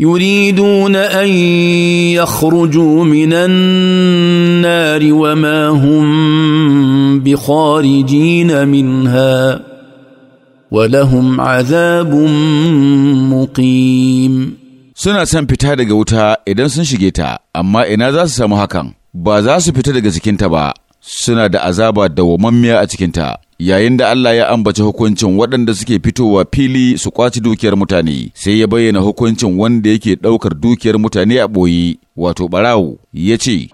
يريدون ان يخرجوا من النار وما هم بخارجين منها ولهم عذاب مقيم suna son fita daga wuta idan sun shige ta amma ina za su samu hakan ba za su fita daga cikinta ba suna da azaba dawwamammiya a cikinta yayin da Allah ya ambaci hukuncin waɗanda suke fitowa fili su kwaci dukiyar mutane sai ya bayyana hukuncin wanda yake ɗaukar dukiyar mutane a ɓoye wato ɓarawo ya ce